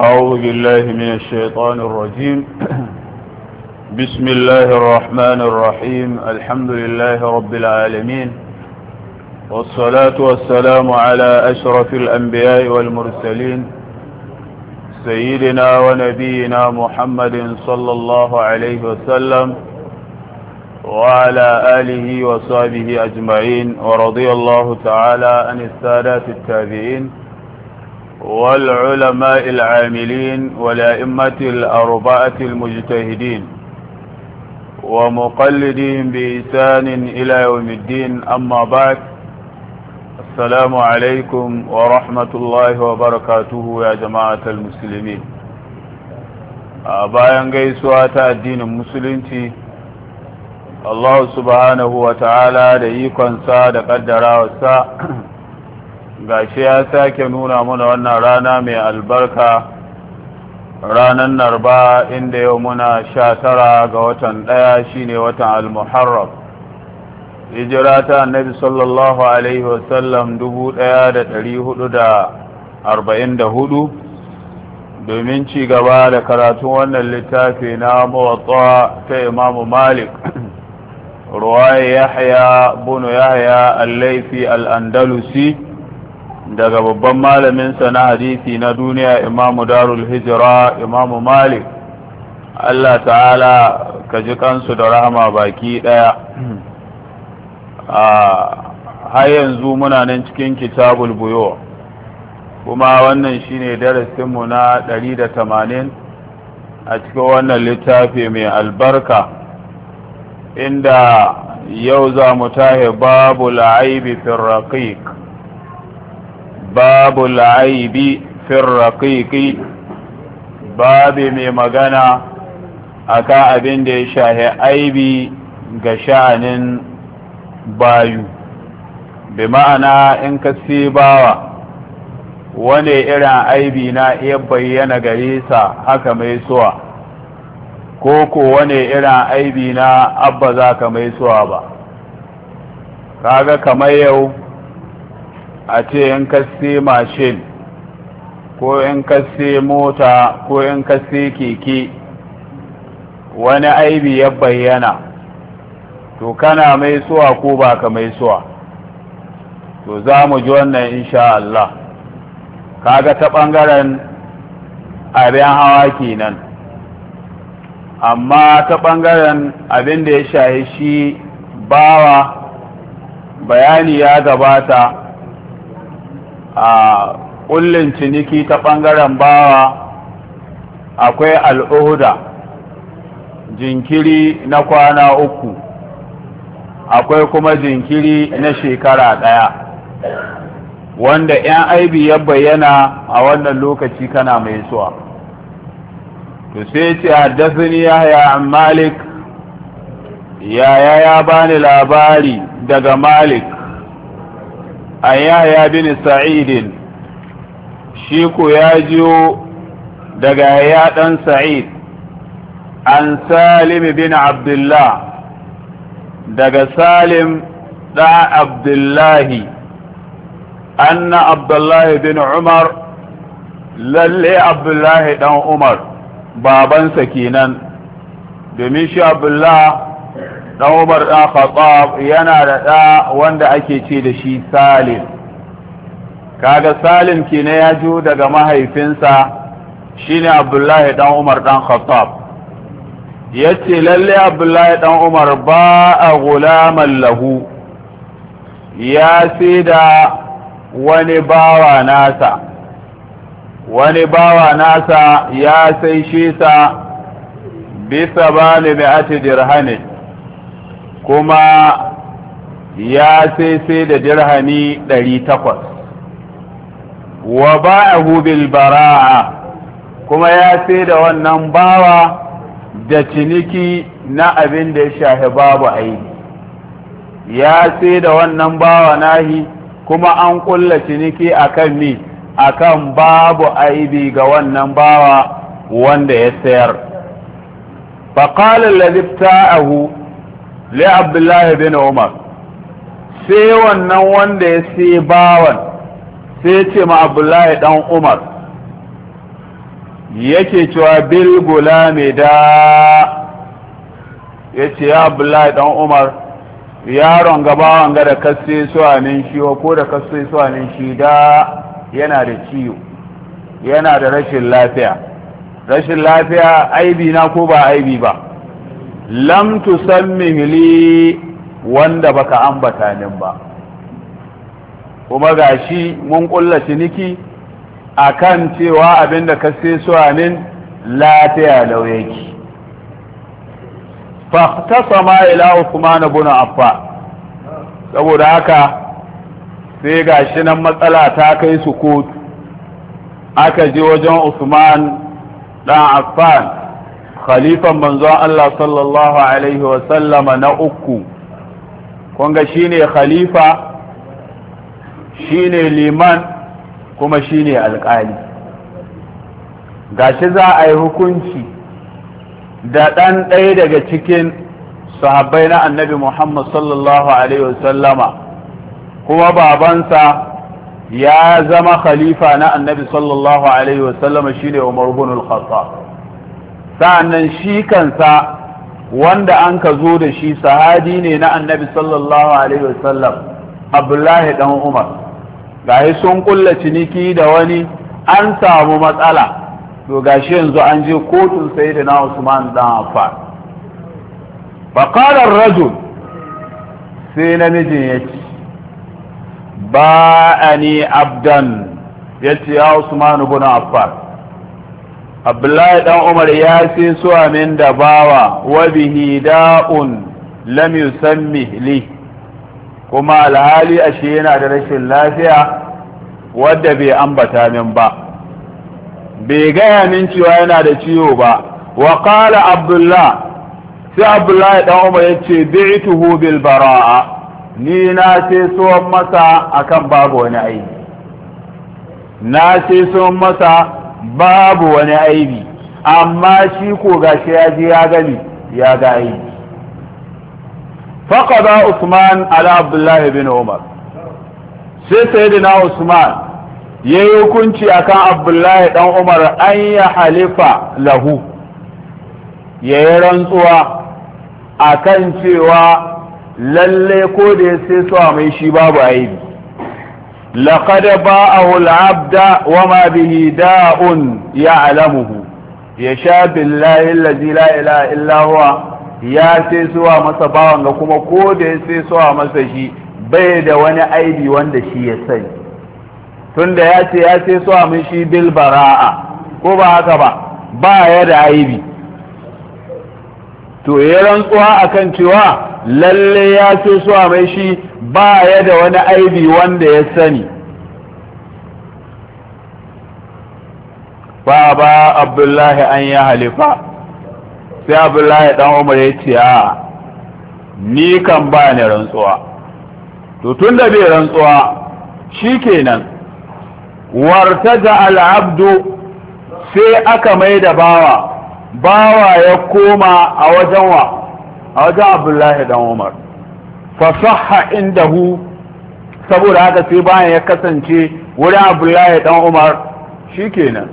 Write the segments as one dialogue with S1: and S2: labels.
S1: أعوذ بالله من الشيطان الرجيم بسم الله الرحمن الرحيم الحمد لله رب العالمين والصلاة والسلام على أشرف الأنبياء والمرسلين سيدنا ونبينا محمد صلى الله عليه وسلم وعلى آله وصحبه أجمعين ورضي الله تعالى عن السادات التابعين والعلماء العاملين والأئمة الأربعة المجتهدين ومقلدين بإسان إلى يوم الدين أما بعد السلام عليكم ورحمة الله وبركاته يا جماعة المسلمين bayan gaisuwa ta addinin musulunci Allah subhanahu wa ta'ala da ikonsa da ƙaddarawarsa gashi ya sake nuna muna wannan rana mai albarka ranar narba inda yau muna sha tara ga watan ɗaya shine watan al-muharram hijira ta annabi sallallahu alaihi wasallam dubu ɗaya da ɗari da arba'in da hudu domin ci gaba da karatun wannan littafi na mawatsa ta imamu malik ruwaye yahya bunu yahya al-laifi al-andalusi daga babban malamin sa na hadisi na duniya imamu darul hijira imamu malik allah ta'ala ka ji kansu da rahama baki daya har yanzu muna nan cikin kitabul buyo kuma wannan shine mu na 180 a cikin wannan littafi mai albarka inda yau za mu tahe babu la'aibi firraqiq babu la'aibi fin babu mai magana akan abin da ya shahi aibi ga sha'anin bayu bi ma'ana in ka bawa wane irin aibi na iya bayyana gare sa haka mai suwa ko kowane irin aibi na abba za ka mai suwa ba ka kaga kamar yau a ce in ka sai mashin ko in ka sai mota ko in ka sai keke wani aibi ya bayyana to kana mai suwa ko ba ka mai suwa to za mu ji wannan insha Allah kaga ta ɓangaren abin hawa kenan amma ta ɓangaren abin da ya shahi shi bawa bayani ya gabata a ƙullin ciniki ta ɓangaren bawa akwai al'uhuda jinkiri na kwana uku akwai kuma jinkiri na shekara ɗaya wanda 'yan aibi ya bayyana a wannan lokaci kana mai suwa to sai ce haddasini ya an malik yaya ya bani labari daga malik an yahya bin sa'idin shi ku ya jiyo daga ya dan sa'id an salim bin abdullah daga salim da abdullahi anna abdullahi bin umar lalle abdullahi dan umar babansa kenan domin shi abdullahi. dan Umar dan Khattab yana da ɗa wanda ake ce da shi Salim kaga Salim kina ya jo daga mahaifinsa shine Abdullahi dan Umar dan Khattab yace lalle Abdullahi dan Umar ba a gulaman lahu ya sai da wani bawa nasa wani bawa nasa ya sai shi sa bisa ba dirhamin kuma ya sai sai da dirhami 800 wa ba'ahu bil bara'a kuma ya sai da wannan bawa da ciniki na abin da ya shahi babu aini ya sai da wannan bawa nahi kuma an kulla ciniki akan mi akan babu aibi ga wannan bawa wanda ya sayar faƙalar alladhi ahu le abdullahi bin umar sai wannan wanda ya sai bawan sai ya ce ma abdullahi dan umar yake cewa bil gulami da ya ce ya abdullahi dan umar yaron gabawan ga da kasse suwanin shi ko da kasse suwanin shi da yana da ciwo yana da rashin lafiya rashin lafiya aibi na ko ba aibi ba lam tusammihi li wanda baka ambata min ba kuma gashi mun kulla ciniki akan cewa abinda ka sai suwanin lafiya lauyaki fahtasama ila usman ibn Affa, saboda haka sai gashi nan matsala ta kai su kotu aka je wajen Usman dan Affan khalifan manzon Allah sallallahu alaihi Wasallama na uku shi ne khalifa shi ne liman kuma shi ne alƙali gashi za a yi hukunci da ɗan ɗaya daga cikin sahabbai na annabi Muhammad sallallahu alaihi Wasallama, kuma babansa ya zama khalifa na annabi sallallahu alaihi Wasallama, shi ne Umar ibn al-Khattab sa'annan shi kansa wanda an ka zo da shi Sahadi ne na annabi sallallahu alaihi wasallam abdullahi dan umar yi sun kulla ciniki da wani an samu matsala to gashi yanzu an je kotun sayyidina usman dan affan fa rajul sai namijin yake ba'ani abdan yace ya usman ibn affan abdullahi dan umar ya sai su min da bawa wa bihi da'un lam yusammi li kuma alhali ashe yana da rashin lafiya wadda bai ambata min ba bai gaya min cewa yana da ciwo ba wa qala abdullah sai abdullahi dan umar ya ce bi'tuhu bil bara'a ni na sai suwan masa akan babu wani aiki na sai suwan masa babu wani aibi amma shi ko gashi ya ji ya gani ya ga aibi faqada usman ala abdullahi bin umar sai sayyidina usman yayi hukunci akan abdullahi dan umar an ya halifa lahu yayi rantsuwa akan cewa lalle ko da ya sai su mai shi babu aibi لقد باعه العبد وما به داء يعلمه يشاء بالله الذي لا إله إلا هو ya sai suwa masa bawan ga kuma ko da ya sai suwa masa shi bai da wani aibi wanda shi ya sai tunda ya ce ya sai a mun shi bil bara'a ko ba haka ba ba ya da aibi to ya rantsuwa akan cewa lalle ya ce so a mai shi ba ya da wani aibi wanda ya sani ba ba abdullahi an ya halifa sai abdullahi dan umar ya ce a ni kan ba ni rantsuwa to tun da bai rantsuwa shi kenan da al'abdu sai aka mai da bawa bawa ya koma a wajen wa a wajen abdullahi dan umar fasaha indahu saboda haka sai bayan ya kasance wurin abdullahi dan umar shikenan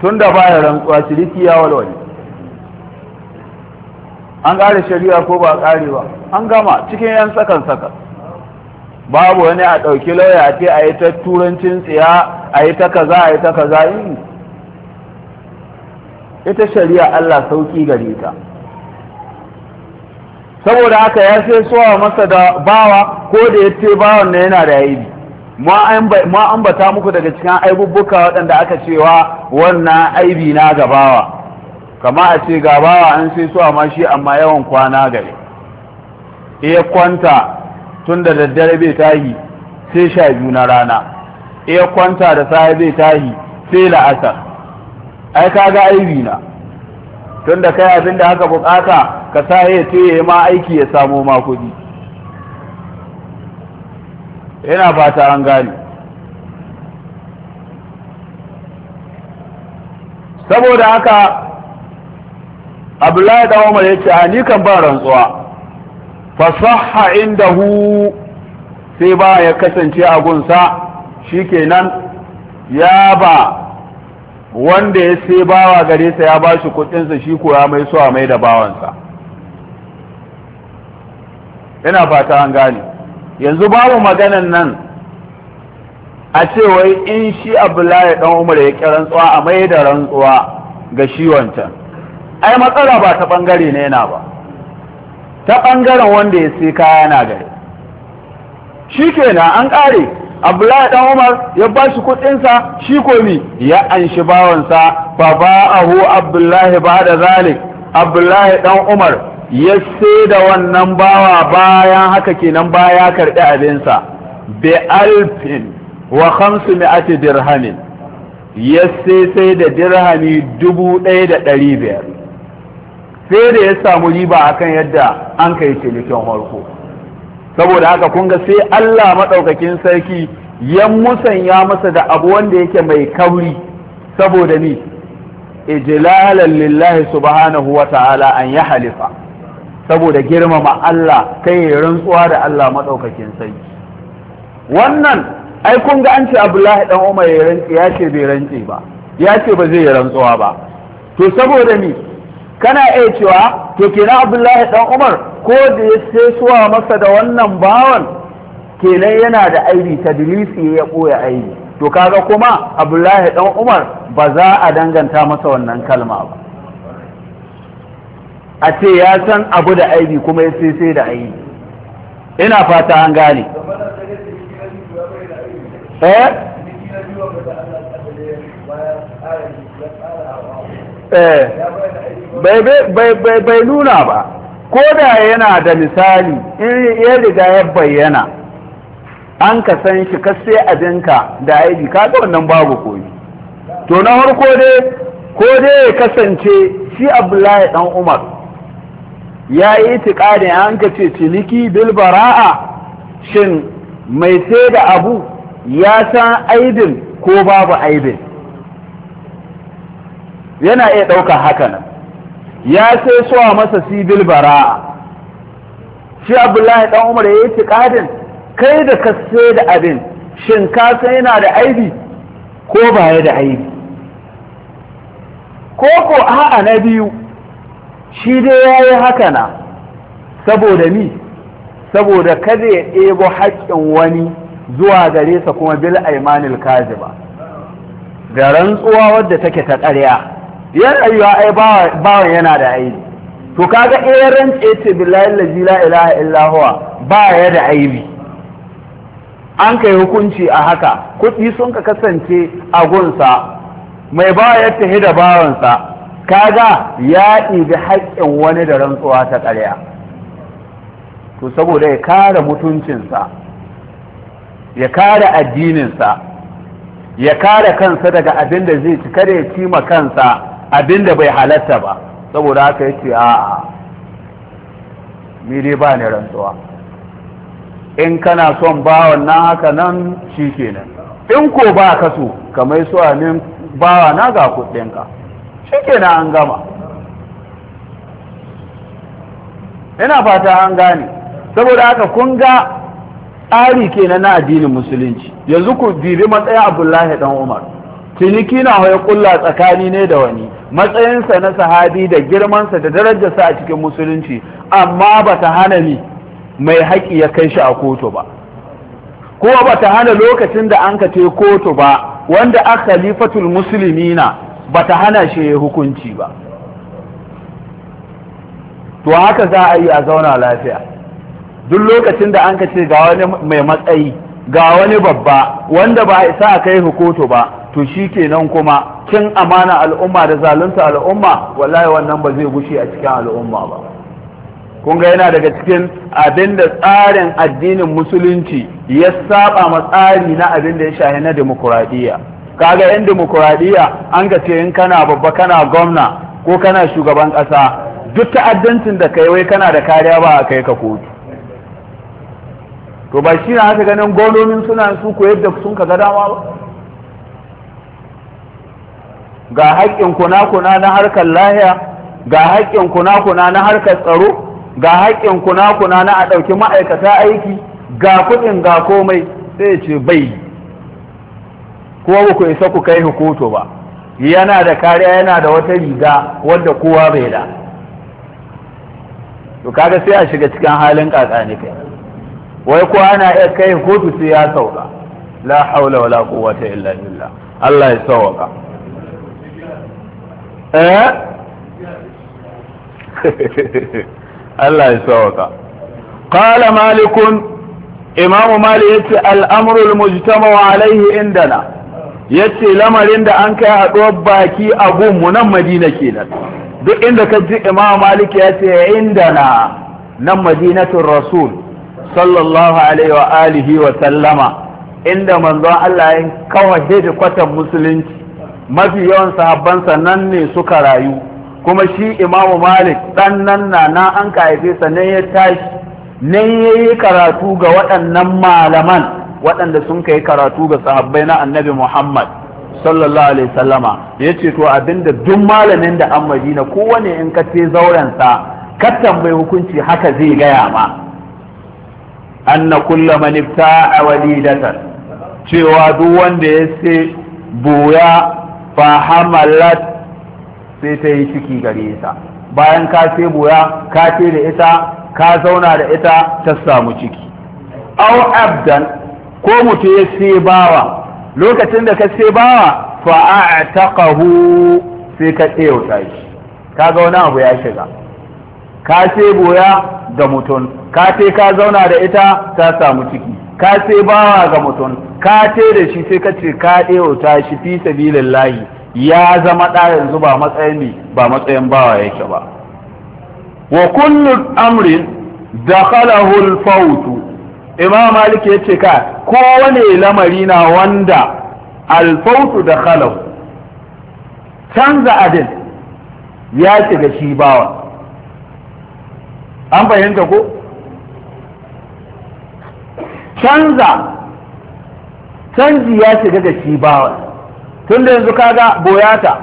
S1: tun da baya rantsuwa shiriki ya walwale an ƙare shari'a ko ba ƙare ba an gama cikin yan sakan saka babu wani a ɗauki lauya a ce a yi ta turancin tsiya a yi ta kaza a yi ta kaza yi ita shari'a Allah sauƙi gare ta saboda haka ya sai suwa masa da bawa ko da ya ce bawan na yana da aibi ma ambata muku daga cikin aibubbuka waɗanda aka cewa wannan aibi na ga bawa kama a ce ga bawa an sai suwa ma shi amma yawan kwana gare iya kwanta tun da daddare bai tahi sai sha biyu na rana iya kwanta da safe bai tahi sai la'asar ai kaga aibi na tun da kai abin da aka bukata ka sa ya ce ya ma aiki ya samo ma kuɗi yana fata an gani saboda haka abdullahi da umar ya ce a ni kan ban rantsuwa fasaha inda hu sai ba ya kasance a gunsa shikenan ya ba wanda ya sai bawa gare sa ya ba shi kudinsa shi koya mai suwa mai da bawansa Yana fata an gane yanzu babu maganan nan a ce wai in shi abdullahi dan umar ya ƙi rantsuwa a mai da rantsuwa ga shi wancan ai matsala ba ta bangare ne na ba ta bangaren wanda ya sai kaya na gari shi kenan an ƙare abdullahi dan umar ya ba shi kudinsa shi komi ya anshi bawansa fa abu abdullahi ba da zalik abdullahi dan umar ya da wannan bawa bayan haka kenan baya karɓi abinsa bi alfin wa khamsu ake dirhamin ya sai da dirhami dubu ɗaya da ɗari biyar sai da ya samu riba akan yadda an kai cinikin harko saboda haka kun ga sai Allah maɗaukakin sarki ya musanya masa da abu wanda yake mai kauri saboda ni ijlalan lillahi subhanahu wa ta'ala an ya halifa saboda girmama Allah kai ya rantsuwa da Allah madaukakin sai wannan ai kun ga an ce Abdullahi dan Umar ya rantsi ya ce bai rantsi ba ya ce ba zai rantsuwa ba to saboda ni kana iya cewa to kenan Abdullahi dan Umar ko da ya sai suwa masa da wannan bawan kenan yana da aibi tadlisi ya koya aibi to kaga kuma Abdullahi dan Umar ba za a danganta masa wannan kalma ba a ce ya san abu da aibi kuma ya sai da aibi ina fata an gane eh? Eh. bai nuna ba ko da yana da misali in ya riga ya bayyana an ka san shi ka sai abinka da aibi ka ga wannan babu koyi to na harko dai ko dai ya kasance shi abdullahi dan umar ya yi itiƙadin an ka ce ciniki bilbara'a shin mai sai da abu ya san aibin ko babu aibin yana iya ɗaukar nan ya sai suwa masa si bara'a shi abdullahi ɗan umar ya yi tiƙadin kai da ka sai da abin shin ka san yana da aibi ko ya da aibi ko ko a'a na biyu shi dai ya yi haka na saboda ni saboda kada ya ɗebo haƙƙin wani zuwa gare sa kuma bil aimanil kaziba ga rantsuwa wadda take ta ƙarya yan ayyuwa ai bawan yana da aibi to kaga eh rantsi ce billahi la ilaha illa huwa ba ya da aibi an kai hukunci a haka kuɗi sun ka kasance a gunsa mai bawa ya tahi da bawansa kaga ya ɗibi haƙƙin wani da rantsuwa ta ƙarya to saboda ya kare mutuncinsa ya kare addininsa ya kare kansa daga abin da zai ci kada ya cima kansa abin da bai halatta ba saboda haka ya ce a'a ni dai ba ne rantsuwa in kana son ba nan haka nan shi kenan in ko ba ka so kamar su amin bawa na ga kuɗinka shi na an gama ina fata an gane saboda haka kun ga tsari kenan na addinin musulunci yanzu ku bibi matsayin abdullahi Ɗan umar ciniki na hoya kulla tsakani ne da wani matsayinsa na sahabi da girmansa da darajarsa a cikin musulunci amma ba ta hana ni mai haƙi ya kai shi a kotu ba kuma ba ta hana lokacin da an ka kotu ba wanda a khalifatul musulmina ba ta hana shi ya hukunci ba to haka za a yi a zauna lafiya duk lokacin da an ka ce ga wani mai matsayi ga wani babba wanda ba a isa a kai hukuto ba to shi kenan kuma cin amana al'umma da zalunta al'umma wallahi wannan ba zai gushe a cikin al'umma ba kun ga yana daga cikin abin da tsarin addinin musulunci ya saba ma tsari na abin da ya shahi na demokuraɗiyya kaga yan demokuraɗiyya an ga ce in kana babba kana gwamna ko kana shugaban ƙasa duk ta'addancin da kai wai kana da kariya ba a kai ka kotu to ba shi na haka ganin gwamnonin suna su ko yadda sun ka ga dama ba ga haƙƙin kuna-kuna na harkar lahiya ga haƙƙin kuna-kuna na harkar tsaro ga haƙƙin kuna-kuna na a ɗauki ma'aikata aiki ga kuɗin ga komai sai ce bai kowa ba ku isa ku kai hukuto ba yana da kariya yana da wata riga wadda kowa bai da to kaga sai a shiga cikin halin kakani kai wai ko ana iya kai hukuto sai ya sauka la haula wala quwwata illa billah Allah ya sauka eh Allah ya sauka qala malikun imamu malik yace al-amru al-mujtama'u alayhi indana yace lamarin da an kai a haɗuwar baki a gunmu nan madina kenan duk inda ka ji imam malik ya ce inda na nan madinatun rasul sallallahu alaihi wa alihi wa sallama inda manzon Allah ya kawo hedi kwatan musulunci mafi yawan sahabban nan ne suka rayu kuma shi imamu malik dan nan na na an ka haife sa ya tashi ne ya yi karatu ga waɗannan malaman waɗanda sun kai karatu ga sahabbai na annabi Muhammad sallallahu alaihi sallama ya ce to abinda duk malamin da an madina kowane in ka ce zaurensa ka tambayi hukunci haka zai gaya ma anna kulla man ibta'a walidata cewa duk wanda ya ce buya fa hamalat sai ta yi ciki gare ta bayan ka ce buya ka ce da ita ka zauna da ita ta samu ciki au abdan ko mutu ya sai bawa lokacin da ka sai bawa fa a'taqahu sai ka tsayauta shi ga wani abu ya shiga ka sai boya ga mutum ka sai ka zauna da ita ta samu ciki ka sai bawa ga mutum ka sai da shi sai ka ce ka tsayauta shi fi sabilillahi ya zama ɗa yanzu ba matsayin ne ba matsayin bawa yake ba wa kullu amrin dakhalahu al-fawtu imam malik ya ce ka kowane lamari na wanda alfautu da khalau canza abin ya shiga shi bawa an fahimta ko canza canji ya shiga da shi bawa tun da yanzu kaga boyata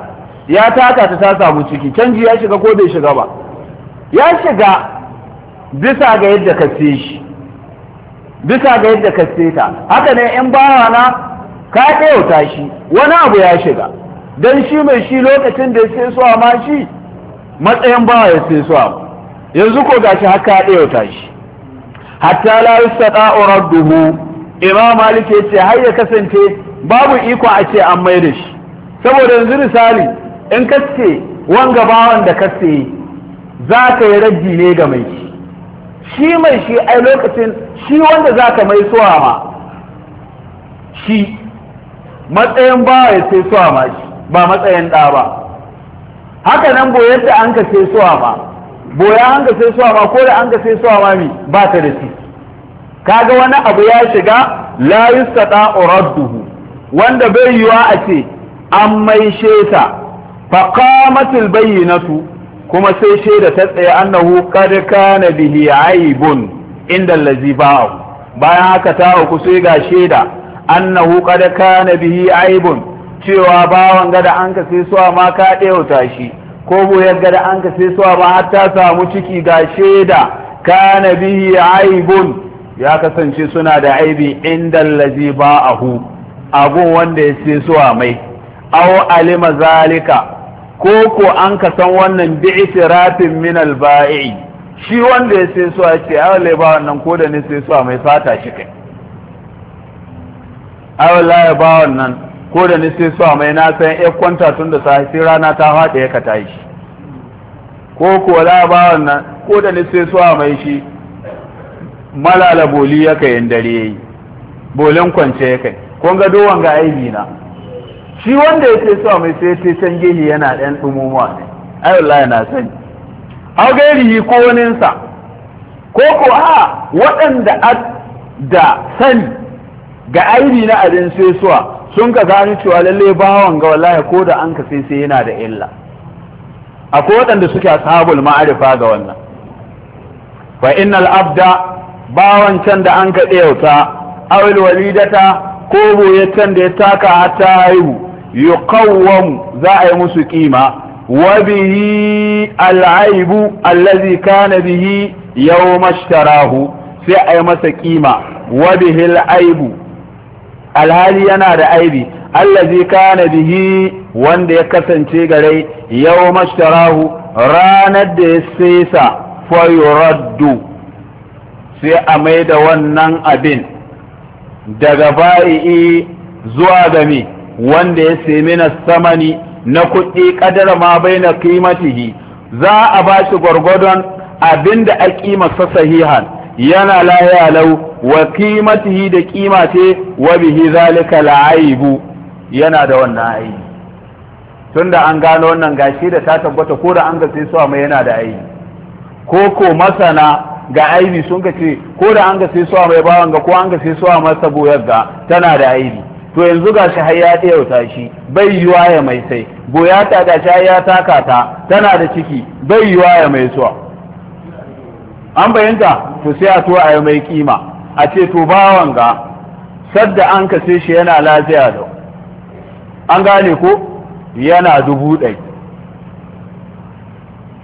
S1: ya taka ta ta samu ciki canji ya shiga ko bai shiga ba ya shiga bisa ga yadda ka shi bisa ga yadda ka ta haka ne in bawa na ka ɗauta shi wani abu ya shiga don shi mai shi lokacin da ya sai suwa ma shi matsayin bawa ya sai suwa yanzu ko gashi haka ya ɗauta shi hatta la yustata radduhu imam malik yace har ya kasance babu iko a ce an mai da shi saboda yanzu misali in kace wanga bawan da kace za ka yi rajji ne ga mai shi shi mai shi a lokacin shi wanda za ka mai suwa ma shi matsayin ba ya sai suwa ma shi ba matsayin ɗa ba haka nan boyar da an ka sai suwa ma boya an ka sai suwa ma ko da an ka sai suwa ma mi ba ta da shi kaga wani abu ya shiga la yustata uradduhu wanda bai yiwa a ce an mai sheta faqamatul bayyinatu kuma sai shaida ta tsaye annahu qad kana bihi aibun inda allazi ba'ahu bayan haka ta uku sai ga shaida annahu qad kana bihi aibun cewa bawan gada an ka sai suwa ma ka ɗewata shi ko buyar gada an ka sai suwa ma har ta samu ciki ga shaida kana bihi aibun ya kasance suna da aibi inda allazi ba'ahu abun wanda ya sai suwa mai aw alima zalika ko ko an ka san wannan bi'tirafin min al-ba'i shi wanda ya sai su a ce awale ba wannan ko da ne sai su a mai fata shi kai awala ya ba wannan ko da ne sai su a mai na san ya kwanta tun da sai rana ta hada ya ka tashi ko ko la ba wannan ko da ne sai su a mai shi malala boli ya kai dare yayi bolin kwance ya kai kun ga duwan ga aibi na shi wanda ya ce sa mai sai ce can gehi yana ɗan ɗumumuwa ne ai wallahi na sani au gairihi ko waninsa ko ko a waɗanda da sani ga aini na abin sai suwa sun ka gani cewa lalle bawan ga wallahi ko da an ka sai yana da illa akwai waɗanda suke ashabul ma'arifa ga wannan fa innal abda bawan can da an ka yauta, awil walidata ko boye can da ya taka ta haihu yuqawwamu za a yi musu kima wa bihi al'aibu allazi kana bihi yawma ishtarahu sai a yi masa kima wa bihi al'aibu alhali yana da aibi allazi kana bihi wanda ya kasance gare yawma ishtarahu ranar da ya sesa fa yuraddu sai a mai da wannan abin daga ba'i zuwa ga me wanda ya sai mina samani na kuɗi kadar ma bai na kimatihi za a ba shi gwargwadon abinda a ƙimarsa sahihan yana layalau wa kimatihi da kima ce wa bihi zalika la'aibu yana da wannan aibi tunda an gano wannan gashi da ta tabbata ko da an ga sai suwa mai yana da aibi ko ko masana ga aibi sun ga ce ko da an ga sai suwa mai bawan ga ko an ga sai suwa mai saboyar ga tana da aibi to yanzu ga shi har ya ɗayauta shi bai yiwa ya mai sai goya ta ga shi ya taka ta tana da ciki bai yiwa ya mai suwa an bayanta to sai a to a yi mai kima a ce to bawan ga sadda an kase shi yana lafiya da an gane ko yana dubu ɗai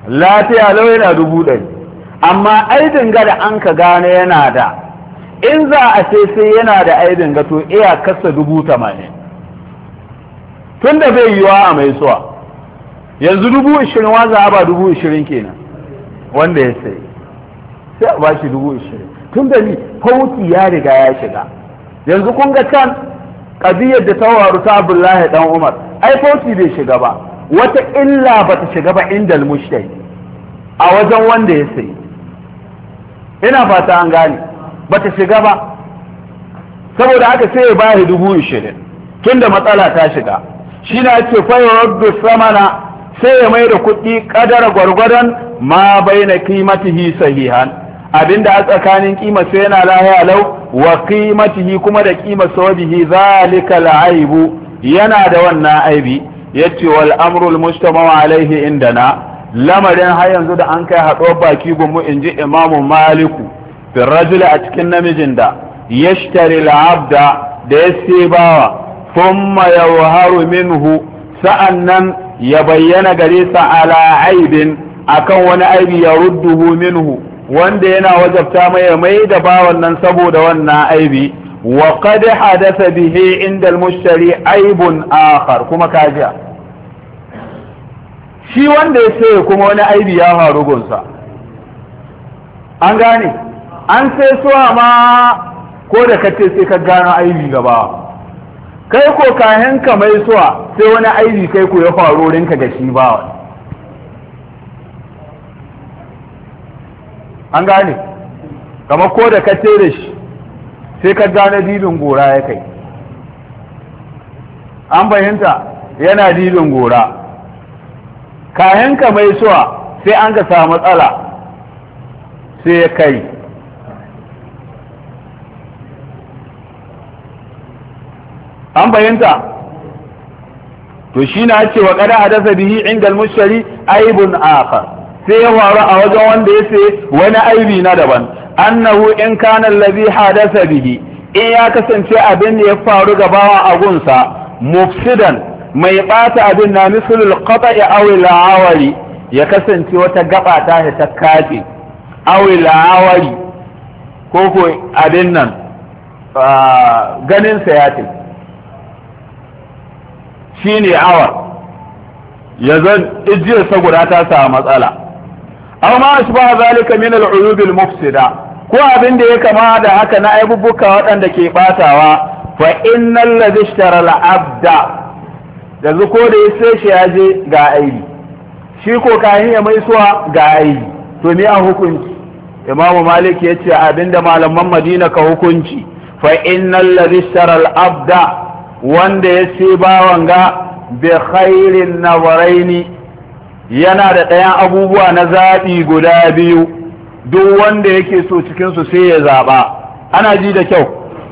S1: lafiya lau yana dubu ɗai amma ai dinga da an ka gane yana da in za a ce sai yana da aibin ga to iya kasa dubu tamanin tun da bai yiwa a mai suwa yanzu dubu ishirin a ba dubu ishirin kenan wanda ya sai sai a bashi dubu ishirin tun da ni hauti ya riga ya shiga yanzu kun ga can kabiyar da ta waru ta abdullahi dan umar ai hauti bai shiga ba wata illa ba ta shiga ba inda almushtai a wajen wanda ya sai ina fata an gane ba ta shiga ba saboda haka sai ya ba shi dubu ishirin tunda matsala ta shiga shi na ce fayyarabdu samana sai ya mai da kuɗi ƙadara gwargwadon ma bai na kimatihi sahihan abinda a tsakanin kima sai yana lahiya lau wa kimatihi kuma da kima sawabihi zalika la'aibu yana da wannan aibi ya ce wal amrul mujtama alaihi na lamarin har yanzu da an kai haɗuwar baki gumu inji imamu maliku birrajul a cikin namijin da yashtari al'abda da ya sai bawa thumma yawharu minhu nan ya bayyana gare sa ala aibin akan wani aibi ya rudduhu minhu wanda yana wajabta mai mai da bawan nan saboda wannan aibi wa qad hadatha bihi inda al-mushtari aibun akhar kuma kajiya shi wanda ya sai kuma wani aibi ya faru gunsa an gane an sai suwa ma ko da ka ce sai ka gano aibi gaba kai ko kayan ka mai suwa sai wani aibi kai ko ya faru rinka da shi ba an gane kamar ko da ka ce da shi sai ka gano didin gora ya kai an fahimta yana didin gora kayan ka mai suwa sai an ga samu matsala sai ya kai an fahimta to shi na cewa a dasa bihi inda mushari aibun akhar sai ya faru a wajen wanda ya ce wani aibi na daban an annahu in kana allazi dasa bihi in ya kasance abin da ya faru gabawa a gunsa mufsidan mai bata abin na misalul qata'i aw al ya kasance wata gaba ta ta kace aw la'awari ko ko abin nan ganin sa ya tafi shine awar ya zan ijiyarsa guda ta samu matsala amma shi ba zalika min al'uyubil mufsida ko abin da ya kama da haka na aibubuka waɗanda ke batawa fa innal ladhi ishtara al'abda yanzu ko da sai shi ya je ga aibi shi ko kayan ya mai suwa ga aibi to ni a hukunci imamu malik ya ce abinda malaman madina ka hukunci fa innal ladhi ishtara al'abda wanda ya ce bawan ga bi khairin nawaraini yana da ɗayan abubuwa na zaɓi guda biyu duk wanda yake so cikinsu sai ya zaɓa ana ji da kyau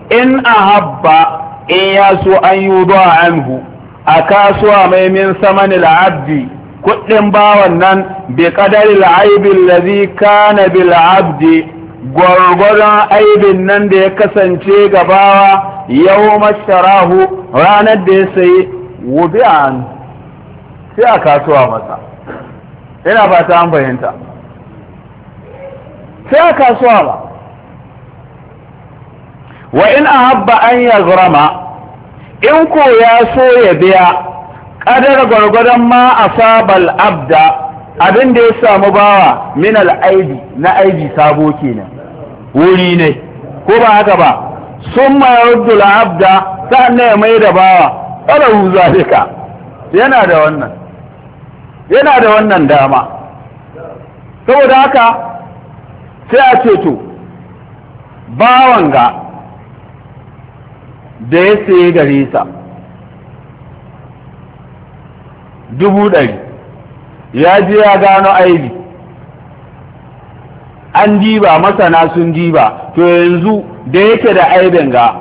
S1: in a habba in ya so an yi ba anhu a kasuwa mai min samani la'abdi kuɗin bawan nan bi kadari la'aibin lazi kana bil abdi gwargwadon aibin nan da ya kasance gabawa yau masharahu ranar da ya sayi hannu. sai a kasuwa masa ina ba ta an fahimta sai a kasuwa ba wa in habba an ya zurama in ko ya so ya biya ƙadar gwargwadon ma a sabal abda abin da ya samu bawa min al'aibi na aibi sabo kenan wuri ne ko ba haka ba sun mayaruddu abda sa'an ya mai da bawa ƙalahu zalika yana da wannan yana da wannan dama saboda haka sai a ce to bawan ga da ya saye gare sa dubu ɗari ya je ya gano aibi an diba masana sun diba to yanzu da yake da aibin ga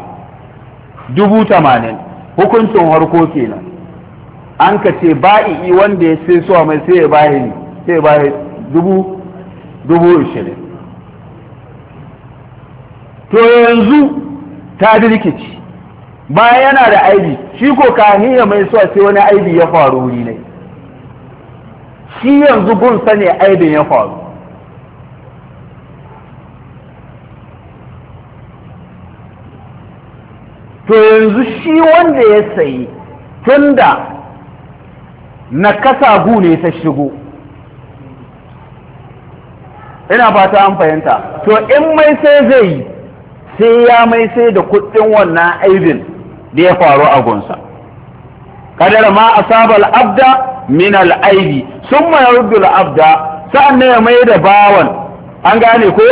S1: dubu tamanin hukuncin harko kenan an ka ce ba'i wanda ya sai suwa mai sai ya bayi sai ya bayi dubu dubu ishirin to yanzu ta rikici ba yana da aibi shi ko kahin ya mai suwa sai wani aibi ya faru ne shi yanzu gun sane aibin ya faru to yanzu shi wanda ya sayi tunda na gu ne ta shigo ina fata an fahimta to in mai sai zai yi sai ya mai sai da kuɗin wannan aibin da ya faru a gunsa kadar ma asabal abda min al'aibi sun ma yaruddu al'abda sa'an ya mai da bawan an gane ko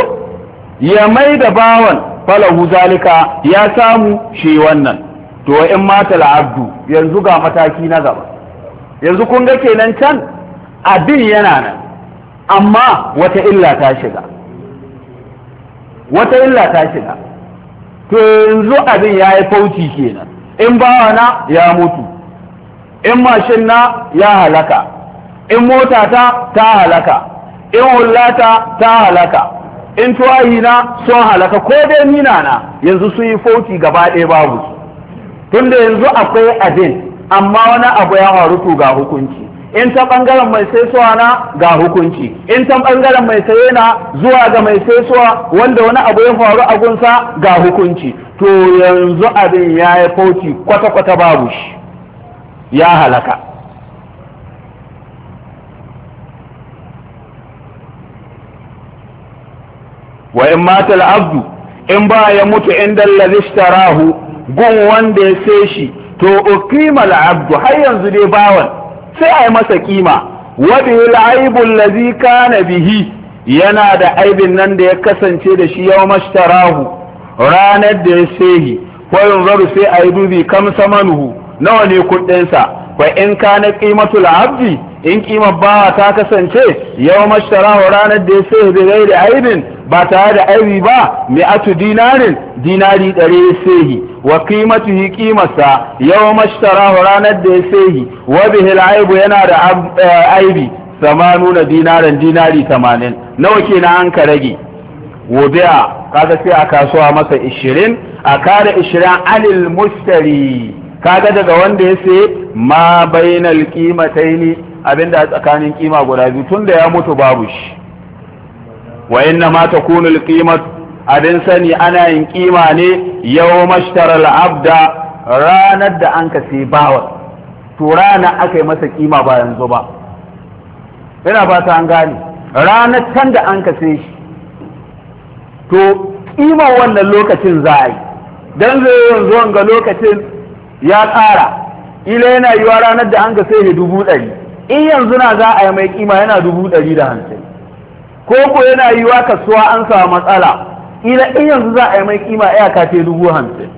S1: ya mai da bawan falahu zalika ya samu shi wannan to in mata abdu yanzu ga mataki na gaba yanzu kun ga kenan can abin yana nan amma wata illa ta shiga wata illa ta shiga to yanzu abin ya yi fauci kenan in bawana ya mutu in mashin na ya halaka in mota ta ta halaka in hulata ta halaka in tuwayi na sun halaka ko dai nina na yanzu sun yi fauki gaba ɗaya babu tunda yanzu akwai abin amma wani abu ya faru ga hukunci in ta bangaren mai sai na ga hukunci in ta bangaren mai saye na zuwa ga mai sai wanda wani abu ya faru a gunsa ga hukunci to yanzu abin ya yi fauki kwata-kwata babu shi ya halaka wa in mata abdu in ba ya mutu inda ladhishtarahu gun wanda ya sai shi to uqima abdu har yanzu dai bawan sai ayi masa kima wa bil aibu allazi kana bihi yana da aibin nan da ya kasance da shi yau mashtarahu ranar da ya sehi wayan zaru sai a yi dubi kam samanuhu nawa ne kuɗinsa fa in kana qimatul abdi in kimar bawa ta kasance yau wa ranar da ya sai da gai da aibin ba tare da aibi ba mai atu dinarin dinari ɗari ya sai wa kimatu hi kimarsa yau wa ranar da ya sai wa bihil aibu yana da eh, aibi nuna dinarin dinari tamanin nawa kenan an ka rage wubiya kaga sai a kasuwa masa ishirin a kare ishirin alil mustari kaga daga wanda ya sai ma bainal qimataini abinda a tsakanin kima guda biyu tunda ya mutu babu shi wa inna ma takunu alqimatu abin sani ana yin kima ne yawma ashtara abda ranar da an kace bawa to rana aka yi masa kima ba yanzu ba ina fata an gane ranar can da an kace shi to kima wannan lokacin za a yi dan zai yanzu wanga lokacin ya ƙara ila yana yiwa ranar da an ga sai ya dubu ɗari in yanzu na za a yi mai kima yana dubu ɗari da hamsin ko ko yana yiwa kasuwa an sa matsala ila in yanzu za a yi mai kima iyaka ce dubu hamsin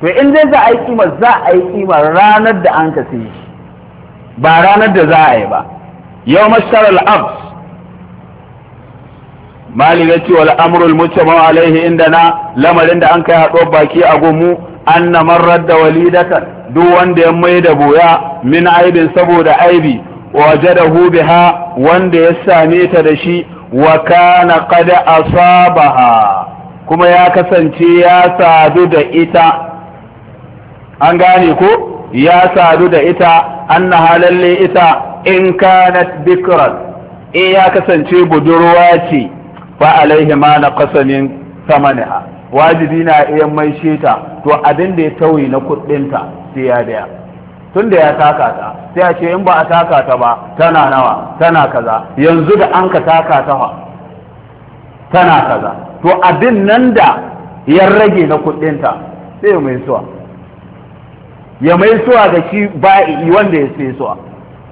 S1: to in dai za a yi kima za a yi kima ranar da an ka sai ba ranar da za a yi ba yau mashtarar abs mali ya ce wal a mujtama inda na lamarin da an kai haɗo baki a anna man radda walidatan duk wanda ya mai da boya min aibin saboda aibi wajadahu hubiha wanda ya same ta da shi wa kana qad asabaha kuma ya kasance ya sadu da ita an gane ko ya sadu da ita annaha lalle ita in kanat bikran in ya kasance budurwa ce fa alaihi ma naqasa min samaniha wajibi na iya mai sheta to abin da ya tauye na kuɗinta sai ya daya tun da ya taka ta sai a ce in ba a taka ta ba tana nawa tana kaza yanzu da an ka taka ta tana kaza to abin nan da ya rage na kuɗinta sai mai suwa ya mai suwa da shi ba wanda ya sai suwa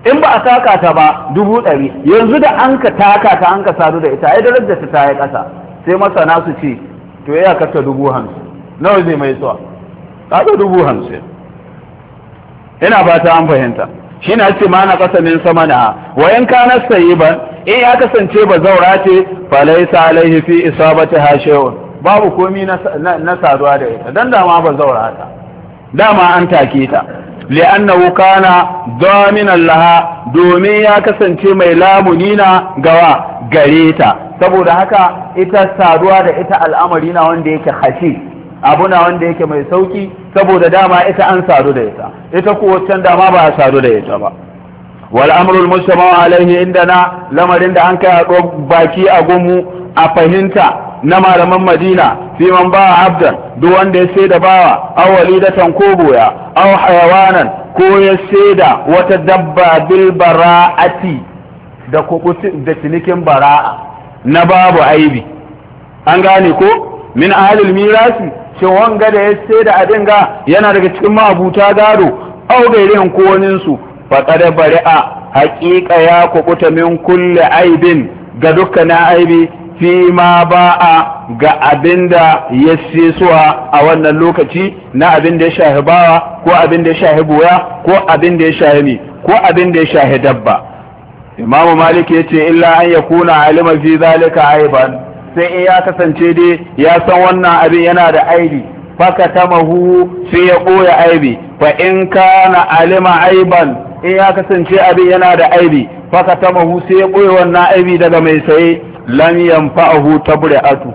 S1: in ba a taka ta ba dubu ɗari yanzu da an ka taka ta an ka sadu da ita ai darajar ta ta yi ƙasa sai masana su ce to ya kata dubu hamsin nawa zai mai tsawa kata dubu hamsin ina ba ta an fahimta shi na ce ma na kasanin sama na wayan kana sayi ba in ya kasance ba zaura ce falaisa alaihi fi isabati ha babu komi na saduwa da ita dan dama ba zaura ta dama an take ta li'annahu kana dominan laha domin ya kasance mai lamunina gawa gare ta saboda haka ita saduwa da ita al'amari na wanda yake hashi abu na wanda yake mai sauki saboda dama ita an sadu da ita ita ko can dama ba a sadu da ita ba wal amrul mujtama alaihi indana lamarin da an kai a baki a gumu a fahimta na malaman madina fi man ba abdan duk wanda ya sai da bawa aw walidatan ko boya aw hayawanan ko ya sai da wata dabba bil bara'ati da da cinikin bara'a na babu aibi an gane ko min ahlul mirasi shin wanga da ya sai da abin ga yana daga cikin ma'abuta gado au gairin ko wani su faqad bari'a haqiqa ya kubuta min kulli aibin ga dukkanin aibi fi ma ba'a ga abin da ya suwa a wannan lokaci na abin ya shahi bawa ko abin da ya shahi ko abin ya shahi ko abin ya shahi dabba imamu malik ya ce illa an ya kuna alima fi zalika aiban sai in ya kasance dai ya san wannan abin yana da aibi faka tamahu sai ya ɓoye aibi fa in kana alima aiban in ya kasance abin yana da aibi faka tamahu sai ya ɓoye wannan aibi daga mai saye lam yanfa'ahu tabri'atu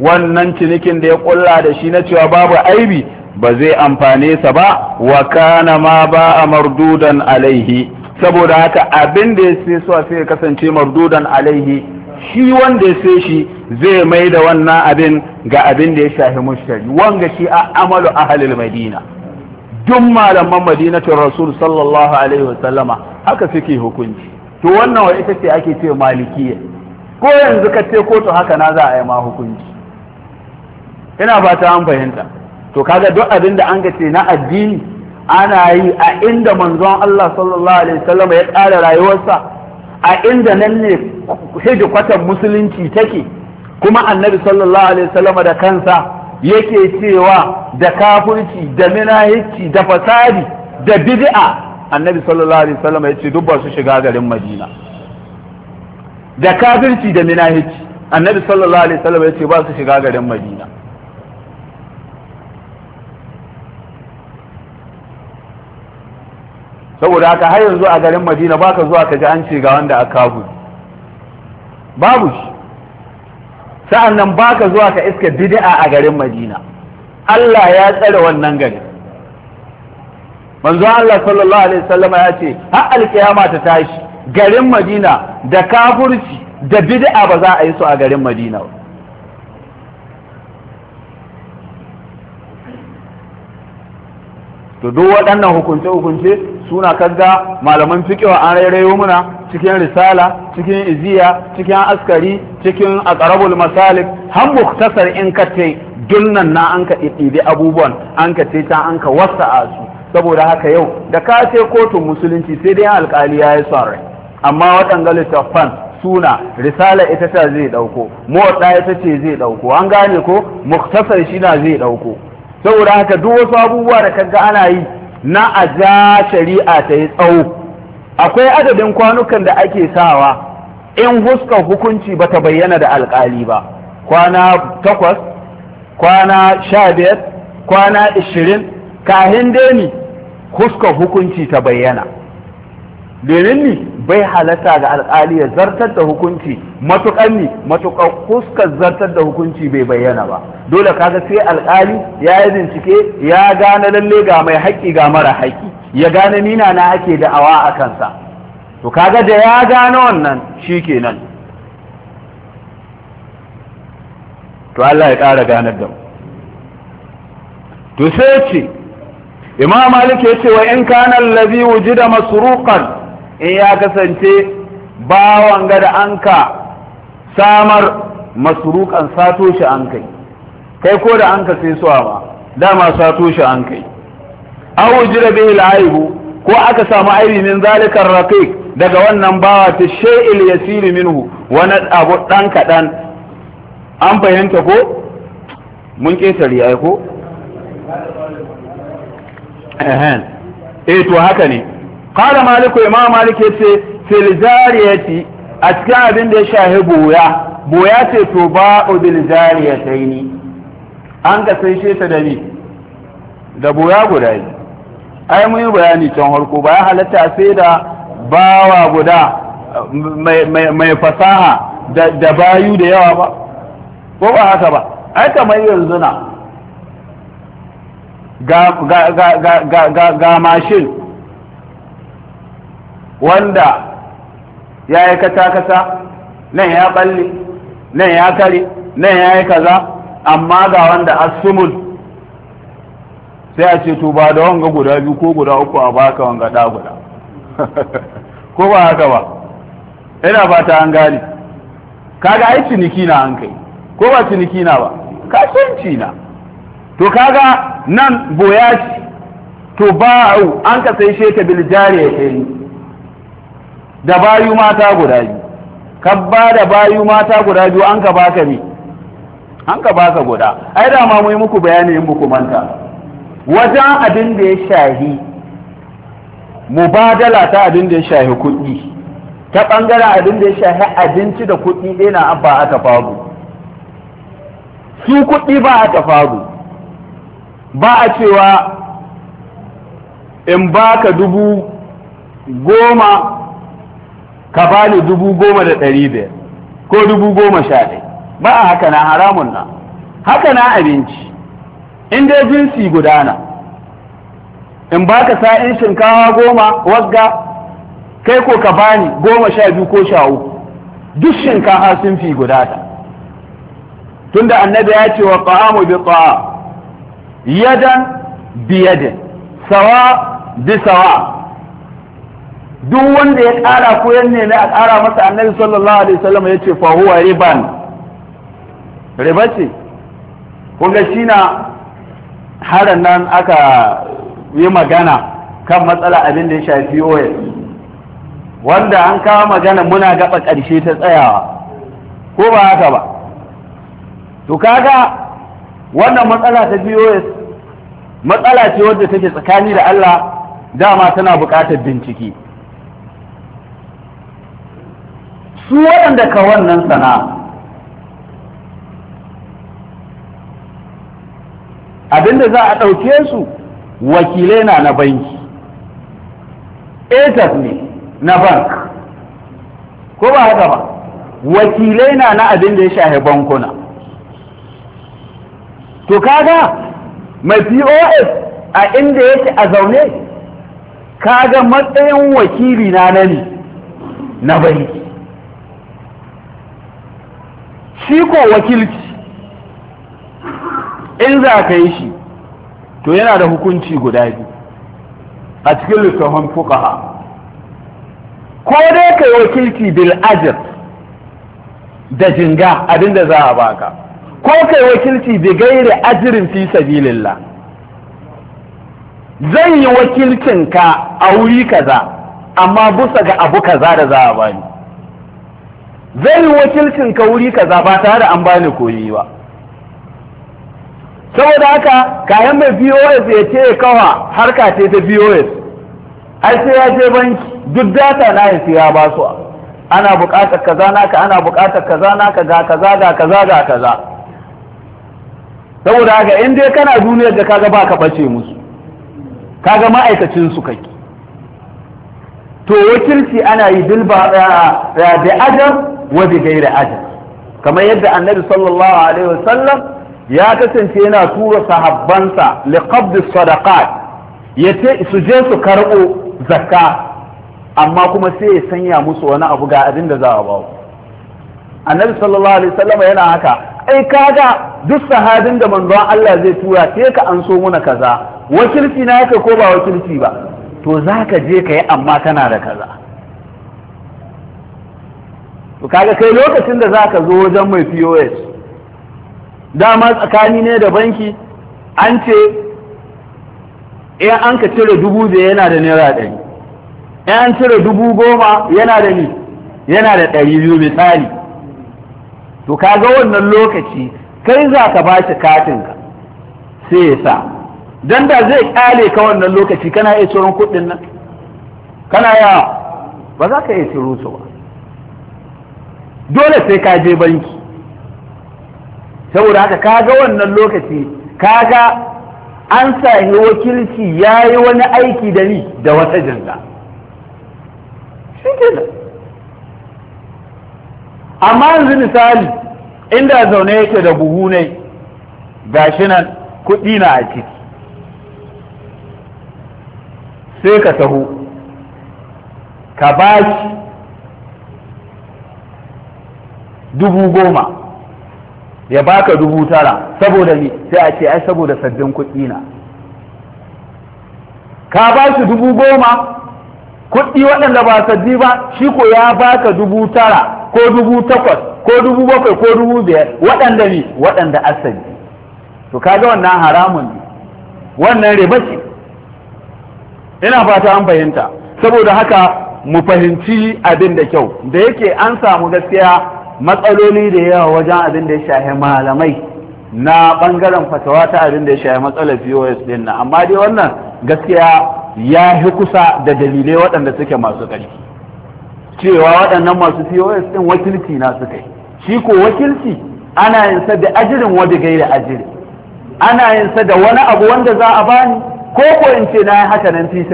S1: wannan cinikin da ya kulla da shi na cewa babu aibi ba zai amfane sa ba wa kana ma ba a mardudan alaihi saboda haka abin da ya sai suwa sai ya kasance mardudan alaihi shi wanda ya sai shi zai mai da wannan abin ga abin da ya shafi mushtari wanga shi a amalu ahalil madina duk malaman madinatin rasul sallallahu alaihi wasallama haka suke hukunci to wannan wa ita ce ake ce malikiyya ko yanzu ka ce kotu haka na za a yi ma hukunci ina fata an fahimta to kaga duk abin da an ga ce na addini ana yi a inda manzon Allah sallallahu alaihi wasallam ya ƙara rayuwarsa a inda nan ne kwatan musulunci take kuma annabi sallallahu alaihi wasallam da kansa yake cewa da kafirci da minahici da fasadi da bid'a annabi sallallahu alaihi wasallam ya ce duk su shiga garin Madina da kafirci da minahici annabi sallallahu alaihi wasallam ya ce ba su shiga garin Madina saboda haka har yanzu a garin madina baka zuwa ka ji an ce ga wanda aka bu babu shi sa'an nan baka zuwa ka iska bid'a a garin madina Allah ya tsare wannan gari manzo Allah sallallahu alaihi wasallam ya ce har alkiyama ta tashi garin madina da kafurci da bid'a ba za a yi su a garin madina ba to duk waɗannan hukunce-hukunce suna ga malaman fiƙewa an rairayo muna cikin risala cikin iziya cikin askari cikin aqrabul masalik. har muktasar in ka ce dunnan na an ka ɗiɗɗiɗi abubuwan an ka ce ta an ka wasa a su saboda haka yau da ka ce kotun musulunci sai dai alƙali ya yi son amma waɗanga littafan suna risala ita ta zai ɗauko mota ita ce zai ɗauko an gane ko muktasar shi na zai ɗauko saboda haka duk wasu abubuwa da kaga ana yi na a shari'a ta yi tsawo akwai adadin kwanukan da ake sawa in huskar hukunci ba ta bayyana da alkali ba kwana takwas kwana sha biyar kwana ishirin kahin dai ni huskar hukunci ta bayyana domin ni bai halatta ga alƙali ya zartar da hukunci matuƙan ne matuƙan fuskar zartar da hukunci bai bayyana ba dole kaga sai alƙali ya yi bincike ya gane lalle ga mai haƙƙi ga mara haƙƙi ya gane nina na ake da'awa a kansa to kaga da ya gane wannan shikenan to Allah ya ƙara ganar da mu to sai ce imam malik ya ce wa in kana allazi wujida masruqan in ya kasance bawan gada da an ka samar masurukan sato shi an kai kai ko da an ka sai suwa ba dama sato shi an kai aw jira bihi aibu ko aka samu aibi min zalikar raqiq daga wannan bawa ta shay'il yasiri minhu wani abu dan kadan an fahimta ko mun ƙetare ai ko eh to haka ne qala maliku imam malik yace ya jariyati a cikin abin da ya shahi boya boya ce to ba'u bil ni an ga sai shi ta da ni da boya guda ne ai mun yi bayani can harko ba ya halatta sai da bawa guda mai fasaha da bayu da yawa ba ko ba haka ba ai kamar yanzu na ga mashin wanda ya yi kata-kata nan ya balle nan ya kare nan ya yi kaza amma ga wanda asumul sai a ce to ba da wanga guda biyu ko guda uku a baka wanga da guda ko ba haka ba ina fata an gane kaga ai ciniki na an kai ko ba ciniki na ba kasuwanci na to kaga nan boya to to ba'u an ka sai sheka bil jariya kai da bayu mata guda biyu ka ba da bayu mata guda biyu an ka baka ne an ka baka guda ai da ma muyi muku bayani in muku manta wajen abin da ya shahi mubadala ta abin da ya shahi kuɗi ta ɓangaren abin da ya shahi abinci da kuɗi ɗaya na abba aka faru su kuɗi ba aka faru ba a cewa in baka dubu goma ka bani dubu goma da ɗari biyar ko dubu goma sha ɗaya ba a haka na haramun na haka na abinci in dai jinsi gudana in ba baka sa'in shinkawa goma wagga kai ko ka bani goma sha biyu ko sha uku duk shinkawa sun fi gudata tunda annabi ya ce wa ta'amu bi ta'am yadan biyadin sawa bi sawa duk wanda ya ƙara ko yan nemi a ƙara masa annabi sallallahu alaihi wasallam ya ce fa huwa riban riba ce kunga shi na haran nan aka yi magana kan matsala abin da ya shafi oil wanda an kawo magana muna gaba ƙarshe ta tsayawa ko ba haka ba to kaga wannan matsala ta BOS matsala ce wadda take tsakani da Allah dama tana buƙatar bincike su waɗanda ka wannan sana'a abinda za a ɗauke su wakilai na na banki etas ne na bank ko ba haka ba wakilai na na abinda ya shahe bankuna to kaga mai pos a inda yake a zaune kaga matsayin wakili na nani na banki shi ko wakilci in za ka yi shi to yana da hukunci guda biyu a cikin littafin fuqaha ko dai ka wakilci bil ajr da jinga abinda za a baka ko ka wakilci da gairi ajrin fi sabilillah zan yi wakilcin ka a wuri kaza amma busa ga abu kaza da za a bani zai wakilcin ka wuri kaza ba tare an bani koyi ba saboda haka kayan mai BOS ya ce kawa harka ce ta BOS. ai sai ya je banki duk data na ya ya ba su ana buƙatar kaza naka ana buƙatar kaza naka ga kaza ga kaza ga kaza saboda haka in dai kana duniyar da kaga ba ka bace musu kaga ma'aikacin su kake to wakilci ana yi dilba eh, eh, da adam wa bi ghairi kamar yadda annabi sallallahu alaihi wasallam ya kasance yana tura sahabbansa Likabdi sadaqat yace su je su karɓo zakka amma kuma sai ya sanya musu wani abu ga abin da za a ba annabi sallallahu alaihi wasallam yana haka ai kaga duk sahabin da manzon Allah zai tura sai ka an so muna kaza wakilci na yake ko ba wakilci ba to zaka je ka yi amma kana da kaza to kaga kai lokacin da zaka zo wajen mai POS dama tsakani ne da banki an ce in an ka cire dubu da yana da naira ɗari in an cire dubu goma yana da ni yana da ɗari biyu misali to kaga wannan lokaci kai za ka ba shi katinka sai ya sa don da zai ƙyale ka wannan lokaci kana iya ciron kuɗin nan kana ya ba za ka iya ciro su ba dole sai ka je banki saboda haka kaga wannan lokaci kaga an sami wakilci ya yi wani aiki da ni da wata janga shi amma yanzu misali inda zaune yake da buhu ne shi nan kuɗi na a ciki sai ka taho ka shi dubu goma ya baka dubu tara saboda ni sai a ce ai saboda sabbin kuɗi na ka ba shi dubu goma kuɗi waɗanda ba sabbi ba shi ko ya baka dubu tara ko dubu takwas ko dubu bakwai ko dubu biyar waɗanda ne waɗanda asali to kaga wannan haramun ne wannan riba ce ina fata an fahimta saboda haka mu fahimci abin da kyau da yake an samu gaskiya matsaloli da yawa wajen abin da ya shahi malamai na bangaren fatawa ta abin da ya shahi matsalar pos din nan amma dai wannan gaskiya ya fi kusa da dalilai waɗanda suke masu ƙarfi cewa waɗannan masu pos din wakilci na suka yi shi ko wakilci ana yin sa da ajirin wadda gaira ajiri ana yin sa da wani abu wanda za a bani ko ko in ce na haka nan fi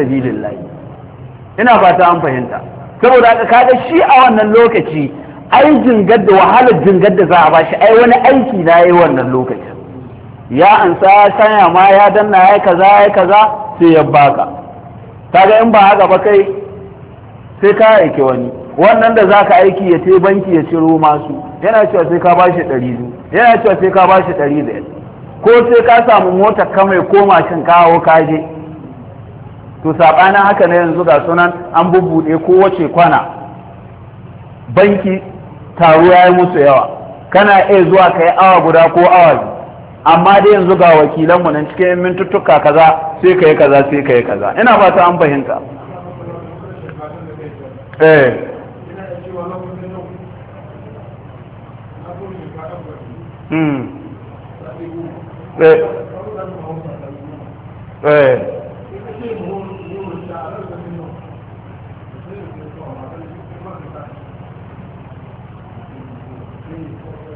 S1: ina fata an fahimta saboda ka kaga shi a wannan lokaci ai jingar da wahalar jingar da za a bashi ai wani aiki na yi wannan lokacin ya ansa sanya ma ya danna ya kaza ya kaza sai ya baka kaga in ba haka ba kai sai ka aiki wani wannan da zaka aiki ya ce banki ya ciro masu yana cewa sai ka bashi ɗari biyu yana cewa sai ka bashi ɗari biyar ko sai ka samu mota ka mai koma shin kawo kaje to saɓanin haka na yanzu ga sunan an bubbuɗe kowace kwana banki taro ya yi musu yawa kana iya zuwa ka yi awa guda ko awa biyu amma dai yanzu ga wakilanmu nan cikin mintuttuka kaza sai ka yi kaza sai ka yi kaza ina ba ta an fahimta eh hmm eh, eh.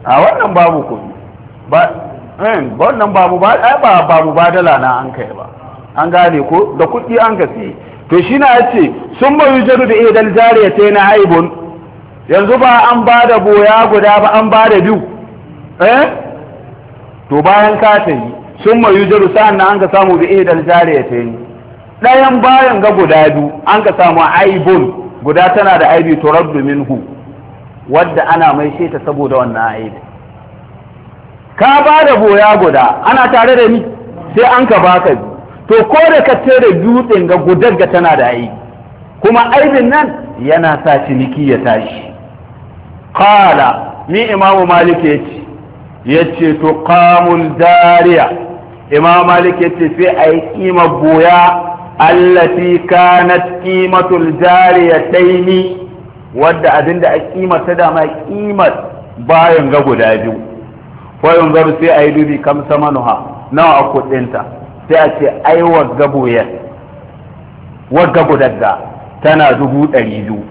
S1: a wannan babu kuɗi ba eh, wannan babu ba ba babu badala na an kai ba an gane ko da kuɗi an gasi to shi na ce sun yi jaru da idan jariya ta na haibun yanzu ba an ba da boya guda ba an ba da biyu eh to bayan ka ta yi sun mayu jaru sa'an na an ka samu da idan jariya ta yi ɗayan bayan ga guda biyu an ka samu aibun guda tana da aibi turaddu minhu wadda ana mai ta saboda wannan aibi ka ba da boya guda ana tare da ni sai an ka baka bi. to ko da ka da dutsen ga gudar ga tana da aibi kuma aibin nan yana sa ciniki ya tashi kala ni imamu malik ya ce ya ce to kamun dariya imamu malik ya ce sai a yi kima boya allati kanat qimatul ni. wadda abin da a kimar ta dama kimar bayan ga guda biyu wayan garu sai a yi dubi kam samanuha nawa a kudinta sai a ce ai wagga boyar wagga gudadda tana dubu ɗari biyu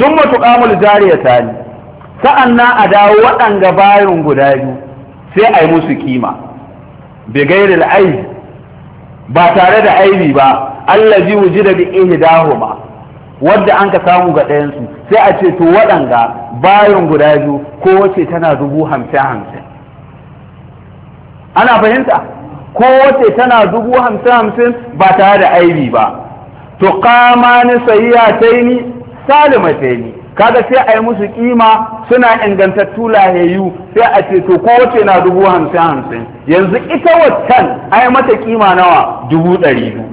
S1: sun mutu ƙamul jariya ta ne sa'an na a dawo waɗanga bayan guda biyu sai a yi musu kima bigairil aibi ba tare da aibi ba allazi wujida bi ihdahuma wadda an ka samu ga ɗayansu sai a ce to waɗanga bayan guda biyu ko wace tana dubu hamsin hamsin ana fahimta ko wace tana dubu hamsin hamsin ba tare da aibi ba to kama ni sayiya ta yi ni salima ta yi ni kaga sai a yi musu kima suna ingantattu lahayyu sai a ce to kowace na dubu hamsin hamsin yanzu ita waccan a yi mata kima nawa dubu ɗari biyu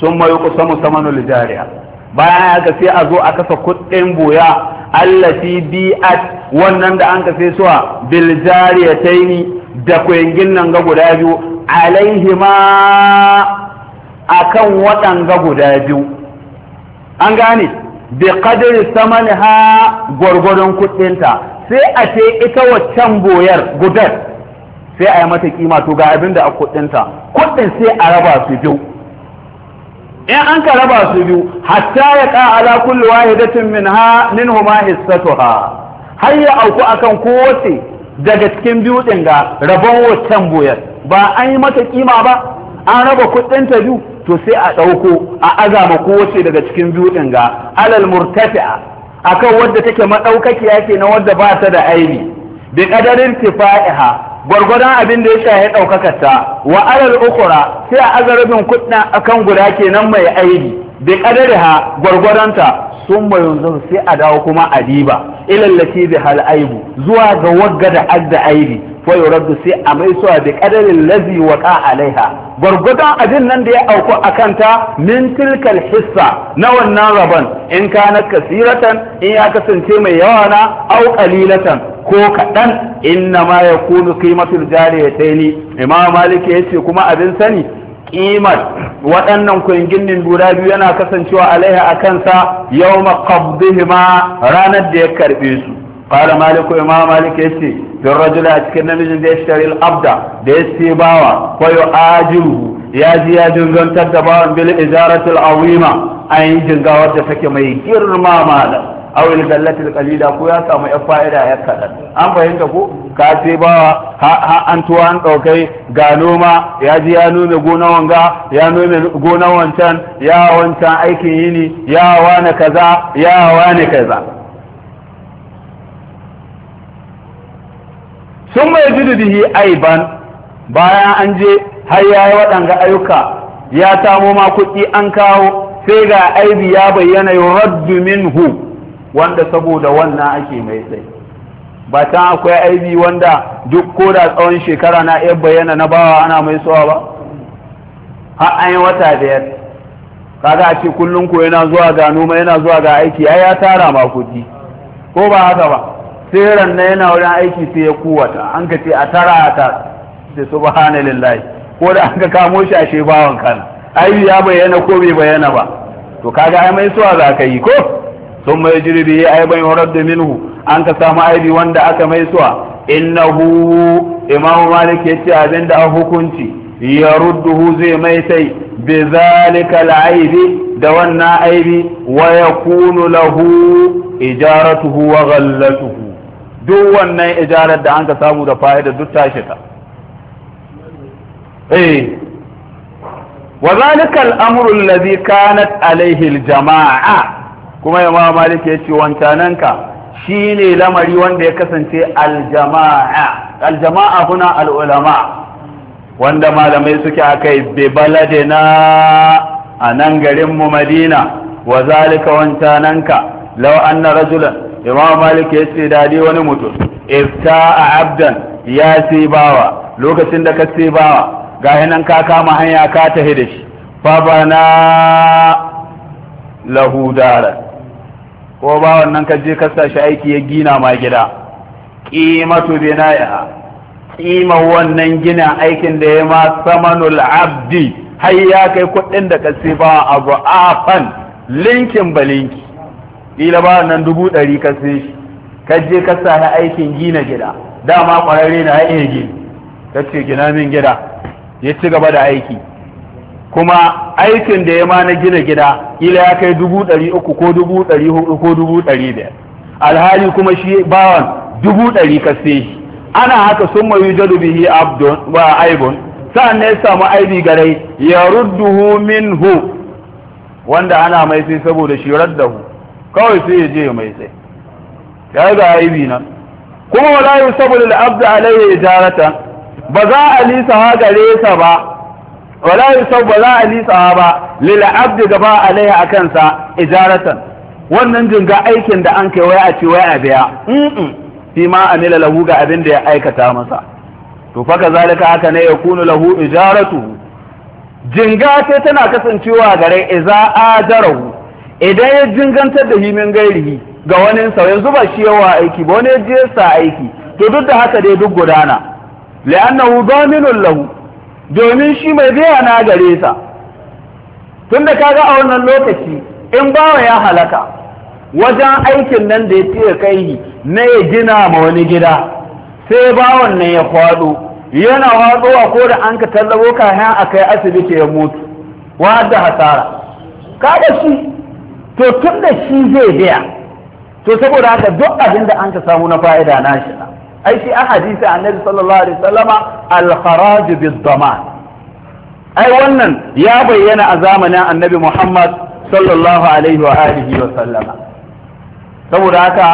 S1: sun mayu kusa musamman lijariya. bayan haka sai a zo a kasa kuɗin boya allati bi'at wannan da an kafe suwa bil jariyataini da kwengin nan ga guda biyu alaihima akan waɗanga guda biyu an gane bi qadri samanha gwargwadon kuɗinta sai a ce ita waccan boyar gudar sai a yi mata kima to ga abin da a kuɗinta kuɗin sai a raba su biyu in an ka raba su biyu hatta ya ka ala kulli wahidatin minha ma hissatuha har ya auku akan kowace daga cikin biyu din ga rabon waccan boyar ba an yi mata kima ba an raba kuɗinta ta biyu to sai a ɗauko a azama kowace daga cikin biyu din ga alal murtafi'a akan wadda take madaukakiya ke na wadda ba ta da aini. bi qadarin tifa'iha gwargwadon abin da ya shahi ɗaukakar ta wa alal ukura sai a azarabin kuɗin akan guda kenan mai aini bi ha gwargwadon ta sun mai yanzu sai a dawo kuma a diba ilallati bi hal aibu zuwa ga wagga da adda aibi fa yuraddu sai a mai suwa bi qadarin lazi waqa alaiha gwargwadon abin nan da ya auku akan ta min tilkal hissa na wannan rabon in kana kasiratan in ya kasance mai yawa na au qalilatan ko kaɗan inna ma ya kunu kimatul jari ya ta ni imam malik ya ce kuma abin sani ƙimar waɗannan kwangilin lura biyu yana kasancewa alaiha a kansa yau maƙabdihima ranar da ya karɓe su kala maliku imam malik ya ce don rajula a cikin namijin da ya shari abda da ya ce bawa ko yau ajiru ya ji ya jingantar da bawan bil ijaratul awima a yi jingawar da take mai girma malam awil gallatil qalila ko ya samu ya fa'ida ya kada an fahimta ko ka sai ba ha an tuwa an daukai ga noma ya ji ya nome gona wanga ya nome gona wancan ya wancan aikin yini ya wani kaza ya wani kaza sun mai jididihi aiban bayan an je har ya yi waɗanga ayyuka ya tamo ma kuɗi an kawo sai ga aibi ya bayyana yuraddu minhu wanda saboda wannan ake mai tsaye ba ta akwai aibi wanda duk ko da tsawon shekara na iya bayyana na bawa ana mai sowa ba har an yi wata biyar kaga a ce kullum ko yana zuwa ga noma yana zuwa ga aiki ai ya tara ma kuɗi ko ba haka ba sai na yana wurin aiki sai ya kuwata an ka ce a tara ta da subhanallah ko da an ka kamo shi a shebawan kana aibi ya bayyana ko bai bayyana ba to kaga ai mai sowa za ka yi ko don mai jirbi ya aiban horar da minhu an ka samu aibi wanda aka mai suwa innahu imamu malik ya ce abin da an hukunci ya rudduhu zai mai sai bi zalika al'aibi da wannan aibi wa yakunu lahu ijaratuhu wa ghallatuhu duk wannan ijarar da an ka samu da fa'ida duk tashi ta eh. alaihi jamaa kuma yamma malik ya ce wancananka ne lamari wanda ya kasance aljama'a aljama'a kuna al'ulama wanda malamai suke akai be baladina a nan garin mu madina wa zalika wancananka law anna rajulan imam malik ya ce dadi wani mutum ifta abdan ya bawa lokacin da ka bawa ga nan ka kama hanya ka tahi da shi fa bana lahu ko ba wannan ka je ka shi aiki ya gina ma gida qimatu bina'iha qima wannan gina aikin da ya ma samanul abdi har ya kai kuɗin da ka ba abu afan linkin balinki ila ba nan dubu ɗari ka shi ka je ka sa aikin gina gida dama ƙwararre na ya gina. ka ce gina min gida ya ci gaba da aiki kuma aikin da ya ma na gina gida ila ya kai dubu ɗari uku ko dubu ɗari hudu ko dubu ɗari biyar alhali kuma shi bawan dubu ɗari ka shi ana haka sun mayu jadu bihi abdun wa aibun sa'an ne ya samu aibi garai ya rudduhu minhu wanda ana mai sai saboda shi raddahu kawai sai ya je mai sai ya ga aibi nan kuma wala yusabu lil abd alayhi jarata, ba za a lisa ha gare sa ba wala yusab ba za a lisa ba lil abdi gaba alaiha akan sa ijaratan wannan jinga aikin da an kai wai a ce wai a biya mm fi ma amila lahu ga abin da ya aikata masa to fa kazalika haka ne kunu lahu ijaratu jinga sai tana kasancewa gare iza ajarahu idan ya jingantar da himin gairihi ga wani sa yanzu ba shi yawa aiki ba wani je sa aiki to duk da haka dai duk gudana li'annahu daminun lahu domin shi mai biya na gare sa tun da kaga a wannan lokaci in bawa ya halaka wajen aikin nan da ya tiya kai na ya gina ma wani gida sai bawan nan ya kwado yana watsowa ko da an ka tallabo kayan a kai asibiti ya mutu wadda hasara kaga shi to tun da shi zai biya to saboda haka duk abin da an ka samu na fa'ida na shi ai shi a hadisi annabi sallallahu alaihi wasallama al-kharaj bid-daman ai wannan ya bayyana a zamanin annabi Muhammad sallallahu alaihi wa alihi wa sallama saboda haka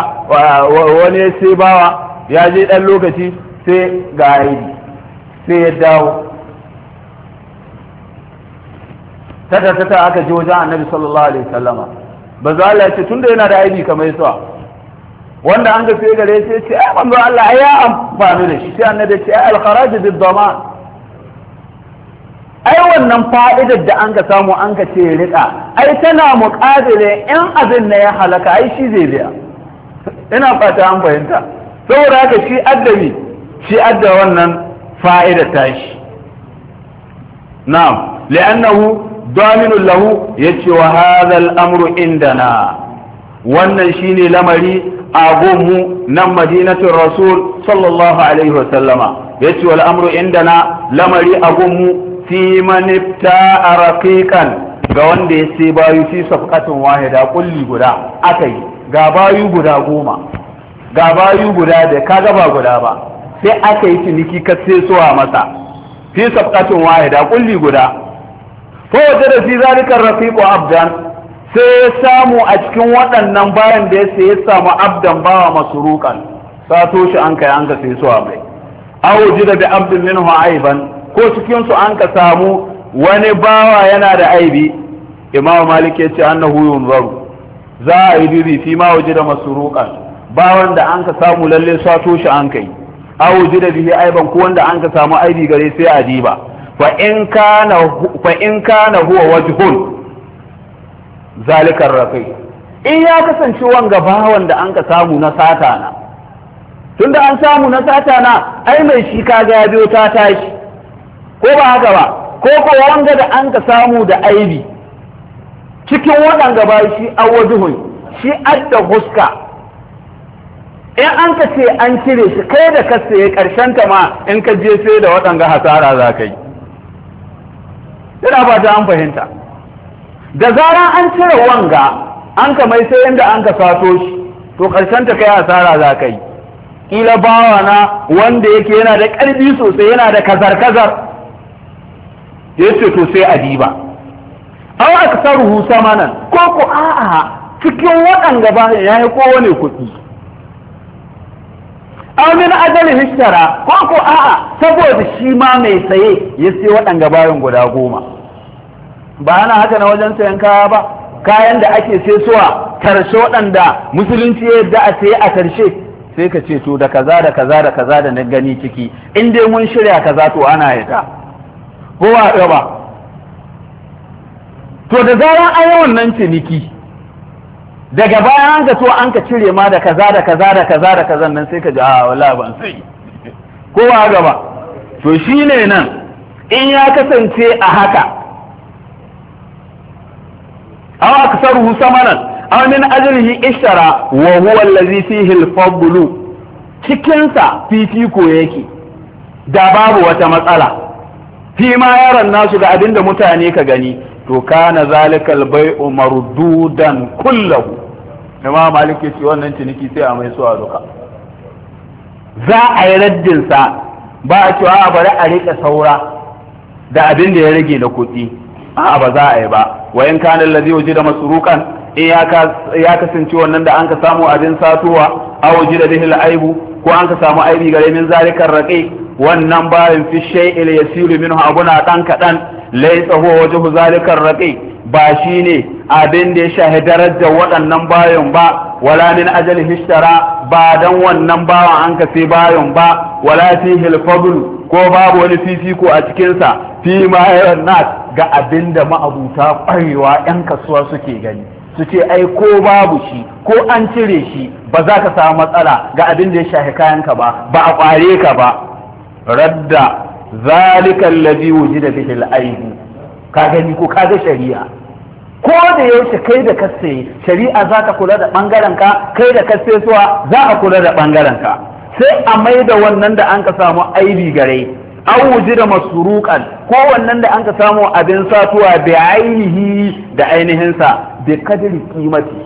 S1: wani sai bawa ya je dan lokaci sai ga aibi sai ya dawo tata tata aka je wajen annabi sallallahu alaihi wasallama ba za Allah ya ce tunda yana da aibi kamar yasa wanda an gafe gare shi ce ai manzo Allah ya amfani da shi sai annabi ce ai al-kharaj bid dama. ai wannan fa'idar da an ka samu an ka ce rika ai tana muqabile in abin na ya halaka ai shi zai biya ina fata an fahimta saboda haka shi addabi shi adda wannan fa'idar tashi na'am li'annahu daminun lahu yace wa hadha al-amru indana wannan shine lamari a gunmu nan madinatin rasul sallallahu alaihi wasallama ya ce wal amru indana lamari a gunmu fi manifta a ga wanda ya sai bayu fi safkatin wahida kulli guda aka yi ga bayu guda goma ga bayu guda da ka gaba guda ba sai aka yi ciniki ka sai suwa masa fi safkatin wahida kulli guda fa wajen da fi zalikar rafiqu abdan sai ya samu a cikin waɗannan bayan da ya sai ya samu abdan bawa masruqan sato shi an kai an ka sai su mai aw jida bi abdin minhu aiban ko cikin su an ka samu wani bawa yana da aibi imamu malik ya ce annahu yunzaru za a yi dubi fi ma waje da masurukan bawan da an ka samu lalle sato shi an kai a waje da bihi aiban ko wanda an ka samu aibi gare sai a diba fa in kana huwa wajhun zalikar rakai in ya kasance wanga bawan da an ka samu na sata na da an samu na sata na ai mai shi ka ga biyo ta tashi ko ba haka ba ko ko wanga da an ka samu da aibi cikin waɗanga gaba shi awajuhun shi adda huska in an ka ce an cire shi kai da ka saye karshen ta ma in ka je sai da waɗanga hasara za ka yi. Ina ba ta an fahimta. da zara an cire wanga an ka mai sai inda an ka sato shi to ƙarshen ta kai asara za ka yi ƙila bawa na wanda yake yana da ƙarfi sosai yana da kazar-kazar ya ce to sai a diba an aksaruhu samanan ko ko a'a cikin waɗanda ba ya yi kowane kuɗi amin ajali hishtara ko ko a'a saboda shi ma mai saye ya sai waɗanda bayan guda goma ba ana haka na wajen sayan kaya ba kayan da ake sai suwa karshe waɗanda musulunci ya yadda a sai a karshe sai ka ce to da kaza da kaza da kaza da na gani ciki in dai mun shirya kaza to ana yadda ko ba ba to da zaran an yi wannan ciniki daga bayan an to an ka cire ma da kaza da kaza da kaza da kaza nan sai ka ji a wala ban sai ko ba gaba to shine nan in ya kasance a haka aw aksaruhu samanan aw min ajlihi ishtara wa huwa allazi fihi al-fadlu cikin sa fifiko yake da babu wata matsala fi ma yaran nasu da abinda mutane ka gani to kana zalikal bai'u mardudan kullahu imam malik yace wannan ciniki sai a mai suwa duka za a yi raddin sa ba a cewa a bari a rike saura da abin da ya rage na kuɗi A'a ba za a yi ba wa in kana allazi wujida in ya kasance wannan da an ka samu abin a waje da bihil aibu ko an ka samu aibi gare min zalikan raƙe wannan bayan fi shay'il yasiru minhu abuna dan kadan laysa huwa wajhu zalikan raqi ba shine abin da ya shahi da waɗannan bayan ba wala min ajali hishtara ba dan wannan bawan an ka sai bayan ba wala fihi al ko babu wani fifiko a cikinsa fi ma ga abin da ma'abuta ƙwarewa 'yan kasuwa suke gani su ce ai ko babu shi ko an cire shi ba za ka samu matsala ga abin da ya shahi kayanka ba ba a ƙware ka ba radda zalikan labi wuji da bihil aibu ka gani ko ka ga shari'a ko da yaushe kai da ka shari'a za ka kula da bangaren ka kai da ka suwa za a kula da ɓangaren ka sai a mai da wannan da an ka samu aibi gare an wuji da masurukan wannan da an ka samu abin satuwa da ainihi da ainihinsa bi kadiri kimati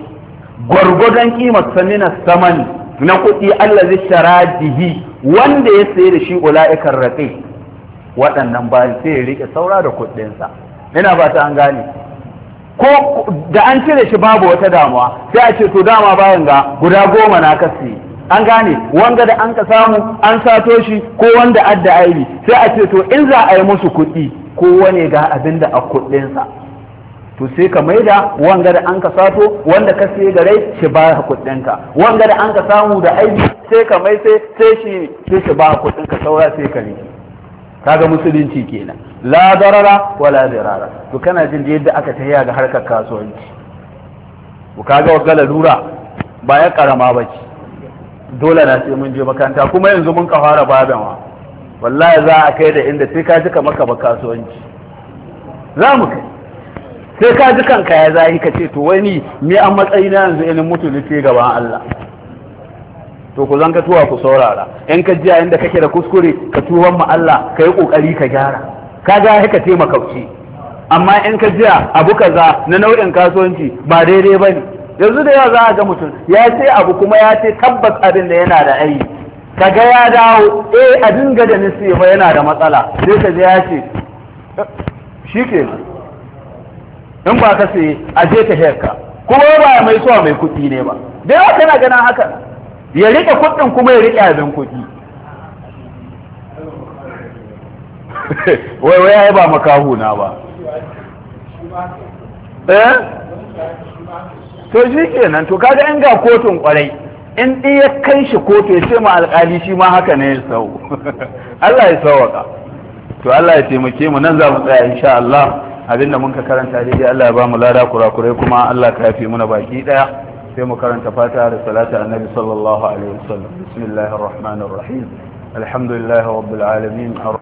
S1: gwargwadon kimar samina saman na kuɗi Allah zai shara wanda ya saye da shi ula'ikan raƙi waɗannan ba sai ya riƙe saura da kuɗinsa ina ba ta an gane ko da an cire shi babu wata damuwa sai a ce to dama bayan ga guda goma na kasi an gane wanga da an ka samu an sato shi ko wanda adda aibi sai a ce to in za a yi musu kuɗi ko wane ga abin da a kuɗinsa to sai ka maida wanga da an ka sato wanda ka sai gare shi ba kuɗinka wanga da an ka samu da aibi sai ka mai sai sai shi sai shi ba kuɗinka saura sai ka ne kaga musulunci kenan la darara wala dirara to kana jin yadda aka tahiya ga harkar kasuwanci ku kaga wa lura ba ya karama ce. dole na sai mun je makaranta kuma yanzu mun kafara fara babanwa wallahi za a kai da inda sai ka ji kamar ka ba kasuwanci za mu kai sai ka ji kanka ya zahi ka ce to wani ni an matsayi na yanzu inin mutu ce gaban Allah to ku zanka tuwa ku saurara in ka jiya inda kake da kuskure ka tuwan mu Allah ka yi kokari ka gyara ka ga haka taimaka amma in ka jiya abu kaza na nau'in kasuwanci ba daidai bane yanzu da yawa za a ga mutum ya ce abu kuma ya ce tabbas abin da yana da ayi kaga ya dawo eh abin ga da nisi ma yana da matsala sai ka je ya ce shi ke in ba ka sai a je ka heka kuma ba mai suwa mai kuɗi ne ba da yawa kana ganin haka ya rike kuɗin kuma ya rike abin kuɗi wai wai ya ba makahu na ba eh? to shi kenan to kaga in ga kotun kwarai in ɗin ya kai shi kotu ya ce ma alƙali shi ma haka ne ya sau Allah ya sauwaka to Allah ya taimake mu nan za mu tsaya insha Allah abinda mun ka karanta daidai Allah ya ba mu lada kurakurai kuma Allah ka yafe muna baki daya sai mu karanta fata da salatu annabi sallallahu alaihi wasallam bismillahir rahmanir rahim alhamdulillahi rabbil alamin